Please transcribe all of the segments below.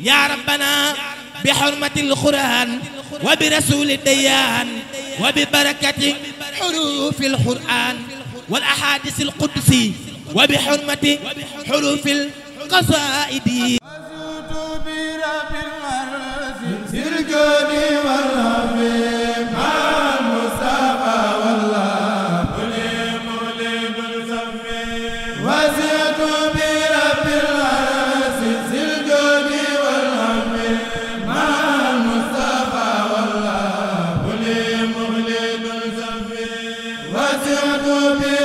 يا ربنا بحرمة القرآن وبرسول الديان وببركة حروف القرآن والأحاديث القدسي وبحرمة حروف القصائد واسعة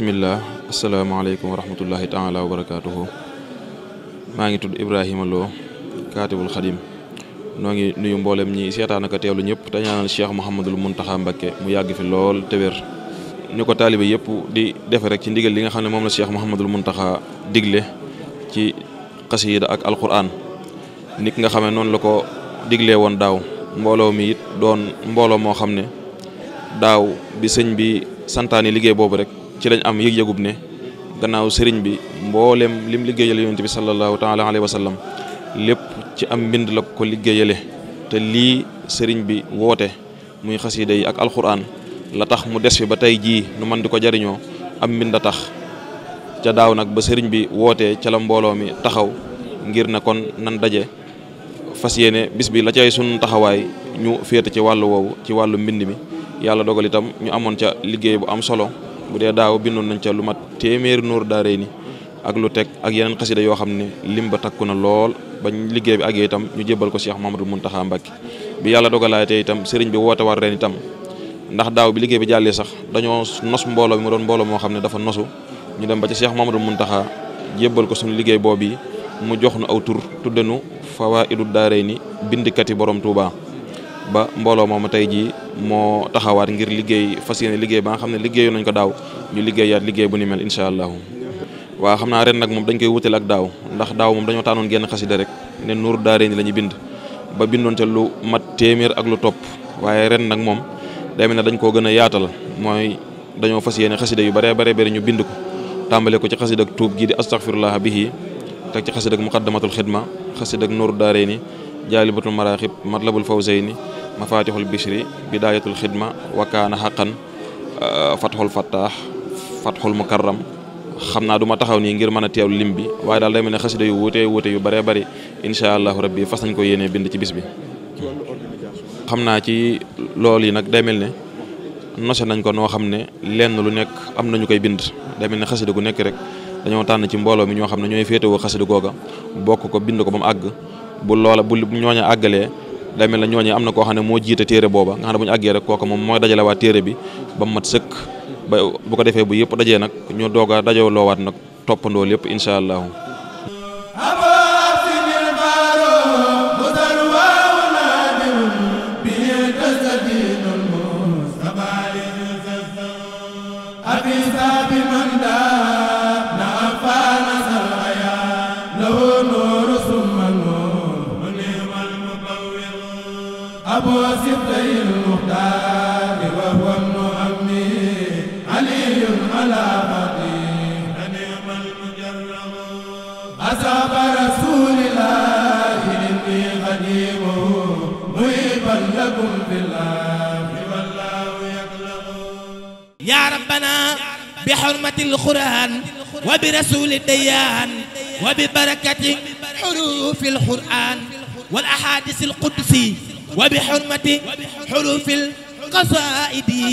bismillah Assalamualaikum warahmatullahi rahmatullahi taala wa barakaatuhu maa ngi tudd Ibrahima Lo katibul khadim noo ngi nuyu mbollem ñi setan ak teewlu ñëpp te ñaanal Cheikh Mouhamadul muntaha Mbacké mu fi lool te wer ñuko di def rek ci ndigal li nga xamne mom la Cheikh Mouhamadul muntaha digle ci qasida ak alquran nit nga xamne non noonu la ko diglee woon mbolo mi it doon mbolo mo xamne daw bi señ bi santani liggéey bobu rek ci lañ am yëg-yëgub ne gannaaw sëriñ bi mbooleem lim liggéeyale yonent bi sallallahu taala alayhi wa sallam lépp ci am mbind la ko liggéeyale te lii sëriñ bi woote muy xasiida yi ak alxuraan la tax mu des fi ba tey jii nu man di ko jariñoo am mbind a tax ca daaw nag ba sëriñ bi wootee ca la mbooloo mi taxaw ngir na kon nan daje fas yéene bis bi la cay sun taxawaay ñu féete ci wàllu woowu ci wàllu mbind mi yàlla dogal itam ñu amoon ca liggéey bu am solo bu dee daaw bindoon nañ ca lu mat téeméeri nuur daaree nii ak lu teg ak yeneen xasida yoo xam ne lim ba takku na lool bañ liggéey bi àggee itam ñu jébbal ko Cheikh Mamadou Mountakha Mbacké bi yàlla dogalaatee itam sëriñ bi woote war ren itam ndax daaw bi liggéey bi jàllee sax dañoo nos mbooloo bi mu doon mbooloo moo xam ne dafa nosu ñu dem ba ca ci Cheikh mun Mountakha jébbal ko suñu liggéey boobu yi mu jox nu aw tur tuddenu Fawaaidud Daarayni bindikati borom Touba ba mbooloo moom tey jii moo taxawaat ngir liggéey fas yéene liggéey ba nga xam ne liggéeyu nañ ko daaw ñu liggéeyaat liggéey bu ni mel incha allahu waaw xam naa ren nag moom dañ koy wuteel ak daaw ndax daaw moom dañoo tànnoon genn xasida rek ne nuur daaree ni la ñu bind ba bindoon ca lu mat téeméer ak lu topp waaye ren nag moom day mel ne dañ koo gën a yaatal mooy dañoo fas yéene xasida yu bare bare bare ñu bind ko tàmbale ko ci xasida ak tuub gii di astaghfirullah bihi teg ci xasida ak muqaddamatul xidma xasida ak nuur daaree ni jaalibatul maraaxib matlabul fawzayni mafatixul bishri bidayatul xidma wakaana xaqan uh, fatxul fattaax fatxul mukarram xam naa du ma taxaw nii ngir mën a teew lim bi waaye daal day mel ne xasida yu wuute wuute yu bëree bëri incha allahu rabbi fas nañ ko yéenee bind ci bis bi xam naa ci loolu yi nag day mel ne nose nañ ko noo xam ne lenn lu nekk am nañu koy bind day mel ne xasida gu nekk rek dañoo tànn ci mbooloo mi ñoo xam ne ñooy féetewoo xasida googa bokk ko bind ko ba mu àgg bu loola bu ñooña àggalee day mel na ñooñu am na koo xam ne moo jiite téere booba nga xam ne bu ñu àggee rek kooku moom mooy dajale téere bi ba mu mat sëkk ba bu ko defee bu yëpp dajee nag ñu doog a dajoo loowaat nag toppandoo lépp incha allahu أبو سبتي المختار وهو ابن أمي علي على خطيه نعم المجرم أصاب رسول الله إني خديمه مهيبا لكم في الله والله يقلم يا ربنا بحرمة القرآن وبرسول الديان وببركة حروف القرآن والأحاديث القدسي وبحرمة حروف القصائد